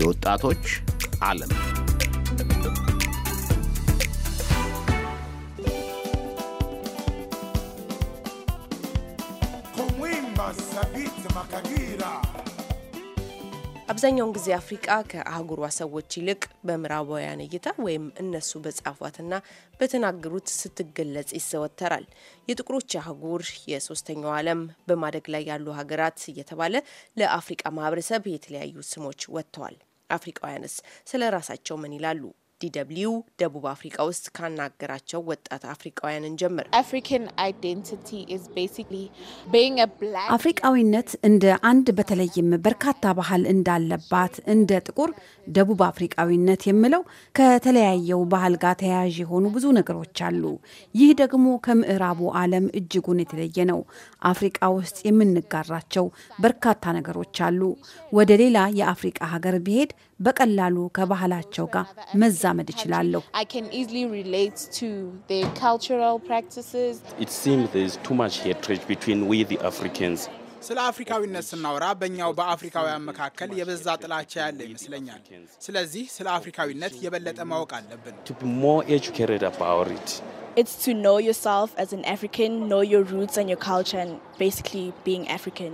የወጣቶች ዓለም አብዛኛውን ጊዜ አፍሪቃ ከአህጉሯ ሰዎች ይልቅ በምዕራባውያን እይታ ወይም እነሱ በጻፏትና በተናገሩት ስትገለጽ ይዘወተራል። የጥቁሮች አህጉር፣ የሶስተኛው ዓለም፣ በማደግ ላይ ያሉ ሀገራት እየተባለ ለአፍሪቃ ማህበረሰብ የተለያዩ ስሞች ወጥተዋል። አፍሪቃውያንስ ስለ ራሳቸው ምን ይላሉ? ዲደብሊው ደቡብ አፍሪካ ውስጥ ካናገራቸው ወጣት አፍሪካውያንን ጀምር አፍሪቃዊነት እንደ አንድ በተለይም በርካታ ባህል እንዳለባት እንደ ጥቁር ደቡብ አፍሪቃዊነት የምለው ከተለያየው ባህል ጋር ተያያዥ የሆኑ ብዙ ነገሮች አሉ። ይህ ደግሞ ከምዕራቡ ዓለም እጅጉን የተለየ ነው። አፍሪቃ ውስጥ የምንጋራቸው በርካታ ነገሮች አሉ። ወደ ሌላ የአፍሪቃ ሀገር ብሄድ በቀላሉ ከባህላቸው ጋር መዛ ማዛመድ እችላለሁ። ስለ አፍሪካዊነት ስናወራ በእኛው በአፍሪካውያን መካከል የበዛ ጥላቻ ያለ ይመስለኛል። ስለዚህ ስለ አፍሪካዊነት የበለጠ ማወቅ አለብን። it's to know yourself as an African, know your roots and your culture and basically being African.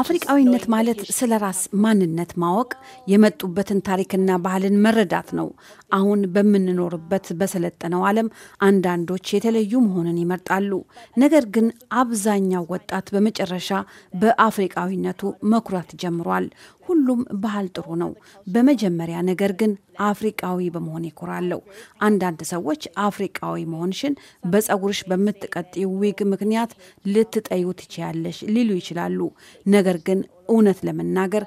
አፍሪካዊነት ማለት ስለ ራስ ማንነት ማወቅ የመጡበትን ታሪክና ባህልን መረዳት ነው። አሁን በምንኖርበት በሰለጠነው ዓለም አንዳንዶች የተለዩ መሆንን ይመርጣሉ። ነገር ግን አብዛኛው ወጣት በመጨረሻ በአፍሪቃዊነቱ መኩራት ጀምሯል። ሁሉም ባህል ጥሩ ነው። በመጀመሪያ ነገር ግን አፍሪቃዊ በመሆን ይኮራለሁ። አንዳንድ ሰዎች አፍሪቃዊ መሆንሽን በጸጉርሽ በምትቀጥዩ ዊግ ምክንያት ልትጠዩ ትችያለሽ ሊሉ ይችላሉ። ነገር ግን እውነት ለመናገር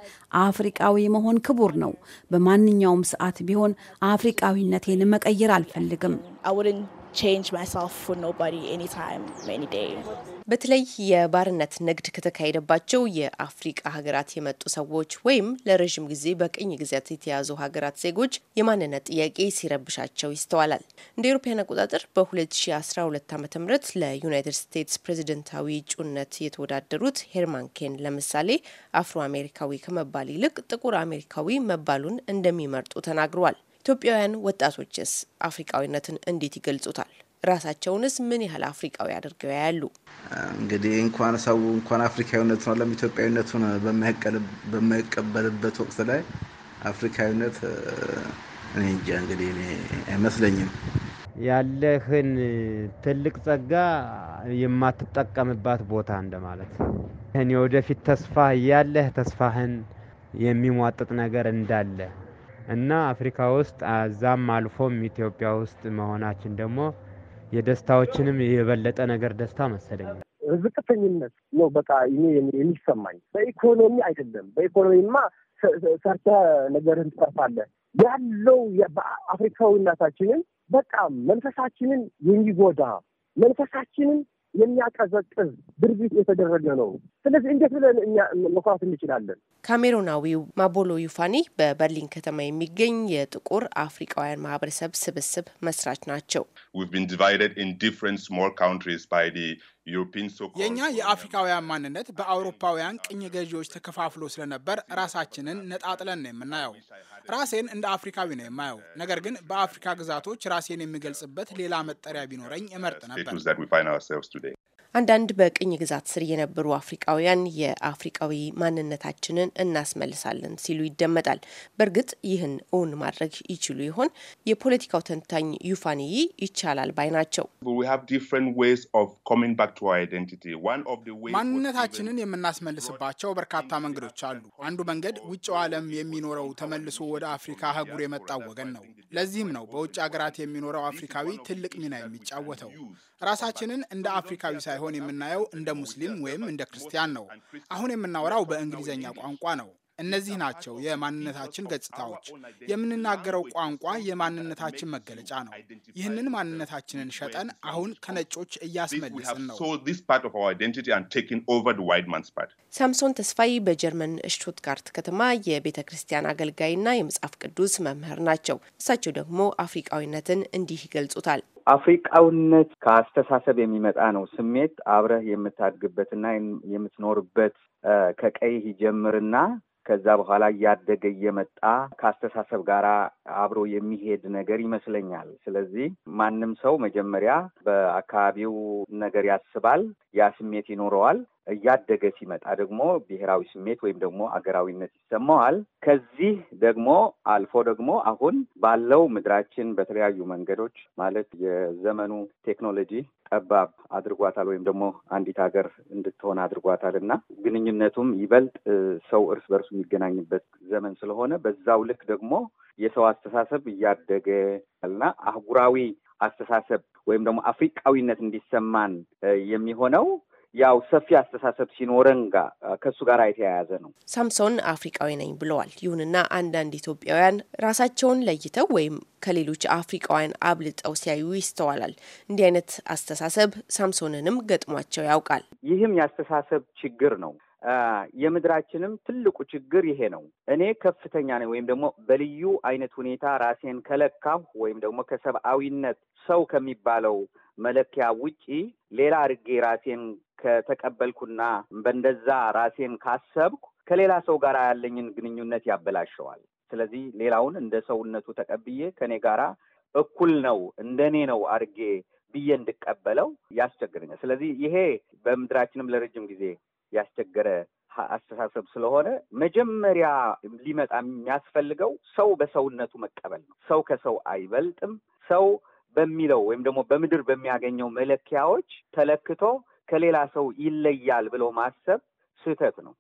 አፍሪቃዊ መሆን ክቡር ነው። በማንኛውም ሰዓት ቢሆን አፍሪቃዊነቴን መቀየር አልፈልግም። በተለይ የባርነት ንግድ ከተካሄደባቸው የአፍሪቃ ሀገራት የመጡ ሰዎች ወይም ለረዥም ጊዜ በቅኝ ግዛት የተያዙ ሀገራት ዜጎች የማንነት ጥያቄ ሲረብሻቸው ይስተዋላል። እንደ አውሮፓውያን አቆጣጠር በ2012 ዓ ም ለዩናይትድ ስቴትስ ፕሬዝደንታዊ እጩነት የተወዳደሩት ሄርማን ኬን ለምሳሌ አፍሮ አሜሪካዊ ከመባል ይልቅ ጥቁር አሜሪካዊ መባሉን እንደሚመርጡ ተናግረዋል። ኢትዮጵያውያን ወጣቶችስ አፍሪቃዊነትን እንዴት ይገልጹታል? ራሳቸውንስ ምን ያህል አፍሪቃዊ አድርገው ያሉ? እንግዲህ እንኳን ሰው እንኳን አፍሪካዊነቱን አለም ኢትዮጵያዊነቱን በማይቀበልበት ወቅት ላይ አፍሪካዊነት እኔ እንጃ እንግዲህ እኔ አይመስለኝም። ያለህን ትልቅ ጸጋ የማትጠቀምባት ቦታ እንደማለት እኔ ወደፊት ተስፋ ያለህ ተስፋህን የሚሟጥጥ ነገር እንዳለ እና አፍሪካ ውስጥ አዛም አልፎም ኢትዮጵያ ውስጥ መሆናችን ደግሞ የደስታዎችንም የበለጠ ነገር ደስታ መሰለኝ ዝቅተኝነት ነው በቃ የሚሰማኝ በኢኮኖሚ አይደለም። በኢኮኖሚማ ሰርተ ነገርን ትጠፋለህ። ያለው በአፍሪካዊነታችንን በቃ መንፈሳችንን የሚጎዳ መንፈሳችንን የሚያቀዘቅዝ ድርጊት የተደረገ ነው። ስለዚህ እንዴት ብለን እኛ መኩራት እንችላለን? ካሜሩናዊው ማቦሎ ዩፋኒ በበርሊን ከተማ የሚገኝ የጥቁር አፍሪካውያን ማህበረሰብ ስብስብ መስራች ናቸው። የእኛ የአፍሪካውያን ማንነት በአውሮፓውያን ቅኝ ገዢዎች ተከፋፍሎ ስለነበር ራሳችንን ነጣጥለን ነው የምናየው። ራሴን እንደ አፍሪካዊ ነው የማየው። ነገር ግን በአፍሪካ ግዛቶች ራሴን የሚገልጽበት ሌላ መጠሪያ ቢኖረኝ እመርጥ ነበር። አንዳንድ በቅኝ ግዛት ስር የነበሩ አፍሪቃውያን የአፍሪቃዊ ማንነታችንን እናስመልሳለን ሲሉ ይደመጣል። በእርግጥ ይህን እውን ማድረግ ይችሉ ይሆን? የፖለቲካው ተንታኝ ዩፋንይ ይቻላል ባይ ናቸው። ማንነታችንን የምናስመልስባቸው በርካታ መንገዶች አሉ። አንዱ መንገድ ውጭው ዓለም የሚኖረው ተመልሶ ወደ አፍሪካ አህጉር የመጣው ወገን ነው። ለዚህም ነው በውጭ ሀገራት የሚኖረው አፍሪካዊ ትልቅ ሚና የሚጫወተው ራሳችንን እንደ አፍሪካዊ ሳይሆን ሲሆን የምናየው እንደ ሙስሊም ወይም እንደ ክርስቲያን ነው። አሁን የምናወራው በእንግሊዝኛ ቋንቋ ነው። እነዚህ ናቸው የማንነታችን ገጽታዎች። የምንናገረው ቋንቋ የማንነታችን መገለጫ ነው። ይህንን ማንነታችንን ሸጠን አሁን ከነጮች እያስመልስን ነው። ሳምሶን ተስፋይ በጀርመን ሽቱትጋርት ከተማ የቤተ ክርስቲያን አገልጋይና የመጽሐፍ ቅዱስ መምህር ናቸው። እሳቸው ደግሞ አፍሪቃዊነትን እንዲህ ይገልጹታል። አፍሪቃውነት ከአስተሳሰብ የሚመጣ ነው። ስሜት አብረህ የምታድግበትና የምትኖርበት ከቀይ ይጀምርና ከዛ በኋላ እያደገ እየመጣ ከአስተሳሰብ ጋር አብሮ የሚሄድ ነገር ይመስለኛል። ስለዚህ ማንም ሰው መጀመሪያ በአካባቢው ነገር ያስባል፣ ያ ስሜት ይኖረዋል። እያደገ ሲመጣ ደግሞ ብሔራዊ ስሜት ወይም ደግሞ አገራዊነት ይሰማዋል። ከዚህ ደግሞ አልፎ ደግሞ አሁን ባለው ምድራችን በተለያዩ መንገዶች ማለት የዘመኑ ቴክኖሎጂ ጠባብ አድርጓታል ወይም ደግሞ አንዲት ሀገር እንድትሆን አድርጓታል እና ግንኙነቱም ይበልጥ ሰው እርስ በርሱ የሚገናኝበት ዘመን ስለሆነ በዛው ልክ ደግሞ የሰው አስተሳሰብ እያደገ እና አህጉራዊ አስተሳሰብ ወይም ደግሞ አፍሪቃዊነት እንዲሰማን የሚሆነው ያው ሰፊ አስተሳሰብ ሲኖረን ጋ ከእሱ ጋር የተያያዘ ነው። ሳምሶን አፍሪቃዊ ነኝ ብለዋል። ይሁንና አንዳንድ ኢትዮጵያውያን ራሳቸውን ለይተው ወይም ከሌሎች አፍሪቃውያን አብልጠው ሲያዩ ይስተዋላል። እንዲህ አይነት አስተሳሰብ ሳምሶንንም ገጥሟቸው ያውቃል። ይህም የአስተሳሰብ ችግር ነው። የምድራችንም ትልቁ ችግር ይሄ ነው። እኔ ከፍተኛ ነኝ ወይም ደግሞ በልዩ አይነት ሁኔታ ራሴን ከለካሁ ወይም ደግሞ ከሰብአዊነት ሰው ከሚባለው መለኪያ ውጪ ሌላ አድርጌ ራሴን ከተቀበልኩና በእንደዛ ራሴን ካሰብኩ ከሌላ ሰው ጋር ያለኝን ግንኙነት ያበላሸዋል። ስለዚህ ሌላውን እንደ ሰውነቱ ተቀብዬ ከኔ ጋራ እኩል ነው እንደኔ ነው አድርጌ ብዬ እንድቀበለው ያስቸግረኛል። ስለዚህ ይሄ በምድራችንም ለረጅም ጊዜ ያስቸገረ አስተሳሰብ ስለሆነ መጀመሪያ ሊመጣ የሚያስፈልገው ሰው በሰውነቱ መቀበል ነው። ሰው ከሰው አይበልጥም። ሰው በሚለው ወይም ደግሞ በምድር በሚያገኘው መለኪያዎች ተለክቶ ከሌላ ሰው ይለያል ብሎ ማሰብ ስህተት ነው።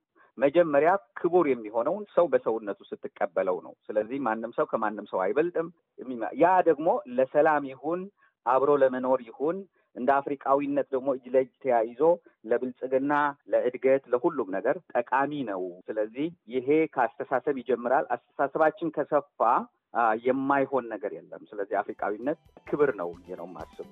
መጀመሪያ ክቡር የሚሆነውን ሰው በሰውነቱ ስትቀበለው ነው። ስለዚህ ማንም ሰው ከማንም ሰው አይበልጥም። ያ ደግሞ ለሰላም ይሁን አብሮ ለመኖር ይሁን እንደ አፍሪቃዊነት ደግሞ እጅ ለእጅ ተያይዞ ለብልጽግና፣ ለእድገት፣ ለሁሉም ነገር ጠቃሚ ነው። ስለዚህ ይሄ ከአስተሳሰብ ይጀምራል። አስተሳሰባችን ከሰፋ የማይሆን ነገር የለም። ስለዚህ አፍሪቃዊነት ክብር ነው ነው የማስብ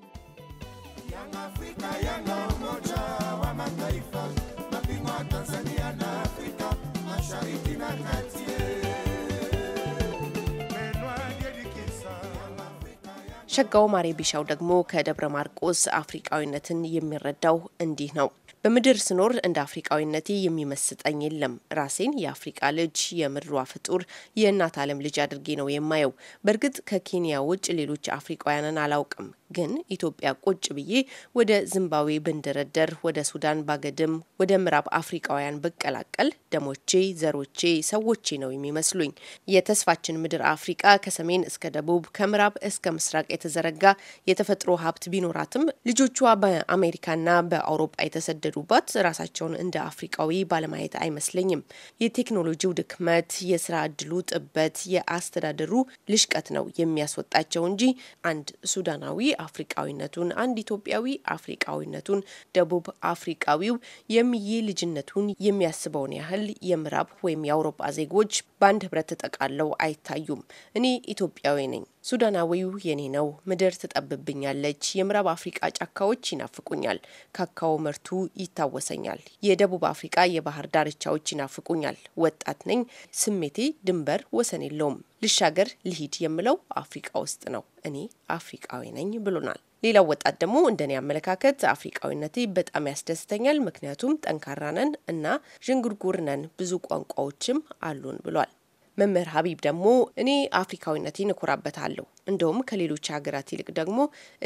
ሸጋው ማሬ ቢሻው ደግሞ ከደብረ ማርቆስ አፍሪቃዊነትን የሚረዳው እንዲህ ነው። በምድር ስኖር እንደ አፍሪቃዊነቴ የሚመስጠኝ የለም። ራሴን የአፍሪቃ ልጅ፣ የምድሯ ፍጡር፣ የእናት ዓለም ልጅ አድርጌ ነው የማየው። በእርግጥ ከኬንያ ውጭ ሌሎች አፍሪቃውያንን አላውቅም። ግን ኢትዮጵያ ቁጭ ብዬ ወደ ዚምባብዌ ብንደረደር፣ ወደ ሱዳን ባገድም፣ ወደ ምዕራብ አፍሪቃውያን ብቀላቀል ደሞቼ፣ ዘሮቼ፣ ሰዎቼ ነው የሚመስሉኝ። የተስፋችን ምድር አፍሪቃ ከሰሜን እስከ ደቡብ ከምዕራብ እስከ ምስራቅ የተዘረጋ የተፈጥሮ ሀብት ቢኖራትም ልጆቿ በአሜሪካና በአውሮፓ የተሰደዱ የሚሄዱባት ራሳቸውን እንደ አፍሪቃዊ ባለማየት አይመስለኝም። የቴክኖሎጂው ድክመት፣ የስራ እድሉ ጥበት፣ የአስተዳደሩ ልሽቀት ነው የሚያስወጣቸው እንጂ አንድ ሱዳናዊ አፍሪቃዊነቱን፣ አንድ ኢትዮጵያዊ አፍሪቃዊነቱን፣ ደቡብ አፍሪቃዊው የምዬ ልጅነቱን የሚያስበውን ያህል የምዕራብ ወይም የአውሮፓ ዜጎች በአንድ ህብረት ተጠቃለው አይታዩም። እኔ ኢትዮጵያዊ ነኝ ሱዳናዊው የኔ ነው፣ ምድር ትጠብብኛለች፣ የምዕራብ አፍሪቃ ጫካዎች ይናፍቁኛል፣ ካካዎ ምርቱ ይታወሰኛል፣ የደቡብ አፍሪቃ የባህር ዳርቻዎች ይናፍቁኛል፣ ወጣት ነኝ፣ ስሜቴ ድንበር ወሰን የለውም፣ ልሻገር ልሂድ የምለው አፍሪቃ ውስጥ ነው፣ እኔ አፍሪቃዊ ነኝ ብሎናል። ሌላው ወጣት ደግሞ እንደኔ አመለካከት አፍሪቃዊነቴ በጣም ያስደስተኛል፣ ምክንያቱም ጠንካራ ነን እና ዥንጉርጉር ነን፣ ብዙ ቋንቋዎችም አሉን ብሏል። መምህር ሀቢብ ደግሞ እኔ አፍሪካዊነቴን እኮራበታለሁ፣ እንደውም ከሌሎች ሀገራት ይልቅ ደግሞ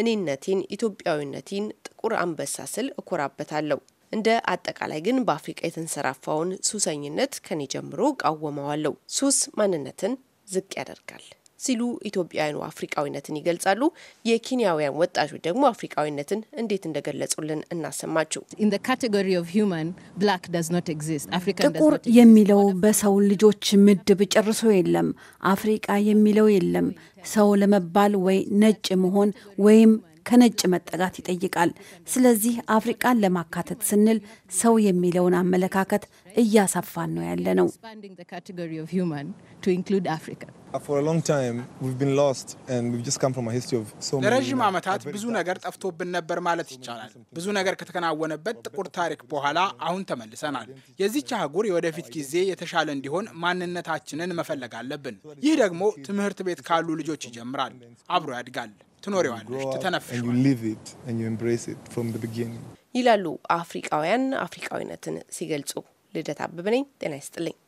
እኔነቴን፣ ኢትዮጵያዊነቴን፣ ጥቁር አንበሳ ስል እኮራበታለሁ። እንደ አጠቃላይ ግን በአፍሪቃ የተንሰራፋውን ሱሰኝነት ከኔ ጀምሮ ቃወመዋለሁ። ሱስ ማንነትን ዝቅ ያደርጋል። ሲሉ ኢትዮጵያውያኑ አፍሪቃዊነትን ይገልጻሉ። የኬንያውያን ወጣቶች ደግሞ አፍሪቃዊነትን እንዴት እንደገለጹልን እናሰማችሁ። ጥቁር የሚለው በሰው ልጆች ምድብ ጨርሶ የለም። አፍሪቃ የሚለው የለም። ሰው ለመባል ወይ ነጭ መሆን ወይም ከነጭ መጠጋት ይጠይቃል። ስለዚህ አፍሪቃን ለማካተት ስንል ሰው የሚለውን አመለካከት እያሰፋን ነው ያለ ነው። uh, ለረዥም uh, ዓመታት ብዙ ነገር ጠፍቶብን ነበር ማለት ይቻላል። ብዙ ነገር ከተከናወነበት ጥቁር ታሪክ በኋላ አሁን ተመልሰናል። የዚች አህጉር የወደፊት ጊዜ የተሻለ እንዲሆን ማንነታችንን መፈለግ አለብን። ይህ ደግሞ ትምህርት ቤት ካሉ ልጆች ይጀምራል፣ አብሮ ያድጋል፣ ትኖሪዋለሽ፣ ትተነፍሽ ይላሉ አፍሪቃውያን አፍሪቃዊነትን ሲገልጹ ልደታ አበበ ነኝ። ጤና ይስጥልኝ።